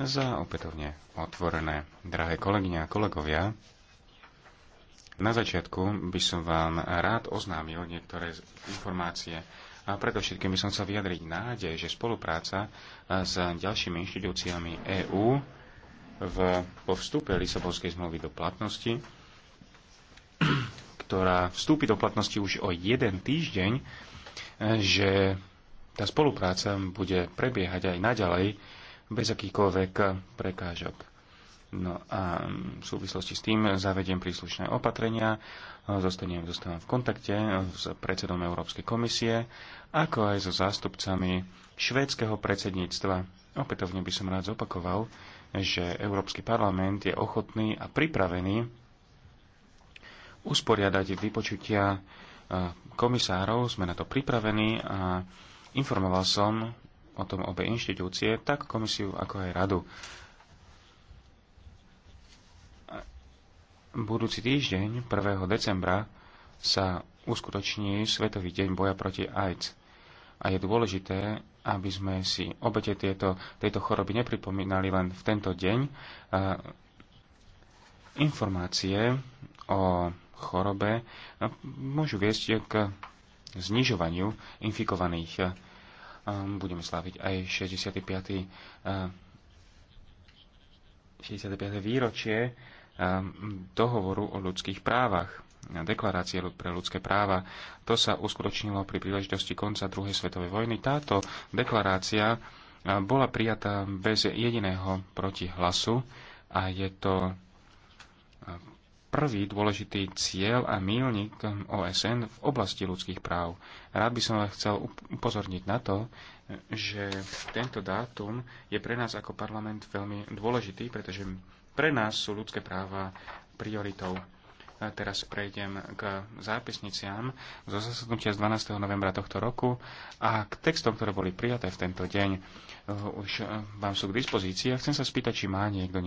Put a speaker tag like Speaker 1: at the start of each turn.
Speaker 1: za opätovne otvorené. Drahé kolegyne a kolegovia, na začiatku by som vám rád oznámil niektoré informácie. A predovšetkým by som chcel vyjadriť nádej, že spolupráca s ďalšími inštitúciami EÚ v, po vstupe Lisabonskej zmluvy do platnosti, ktorá vstúpi do platnosti už o jeden týždeň, e, že tá spolupráca bude prebiehať aj naďalej bez akýchkoľvek prekážok. No a v súvislosti s tým zavediem príslušné opatrenia, zostanem, zostanem v kontakte s predsedom Európskej komisie, ako aj so zástupcami švédskeho predsedníctva. Opätovne by som rád zopakoval, že Európsky parlament je ochotný a pripravený usporiadať vypočutia eh, komisárov, sme na to pripravení a informoval som o tom obe inštitúcie, tak komisiu ako aj radu. Budúci týždeň, 1. decembra, sa uskutoční Svetový deň boja proti AIDS. A je dôležité, aby sme si obete tieto, tejto choroby nepripomínali len v tento deň. Informácie o chorobe no, môžu viesť k znižovaniu infikovaných Ehm, budeme slaviť aj 65. 65. Ehm, výročie ehm, dohovoru o ľudských právach deklarácie pre ľudské práva. To sa uskutočnilo pri príležitosti konca druhej svetovej vojny. Táto deklarácia bola prijatá bez jediného protihlasu a je to prvý dôležitý cieľ a mílnik OSN v oblasti ľudských práv. Rád by som vás chcel upozorniť na to, že tento dátum je pre nás ako parlament veľmi dôležitý, pretože pre nás sú ľudské práva prioritou. A teraz prejdem k zápisniciam zo zasadnutia z 12. novembra tohto roku a k textom, ktoré boli prijaté v tento deň. Už eh, vám sú k dispozícii a chcem sa spýtať, či má niekto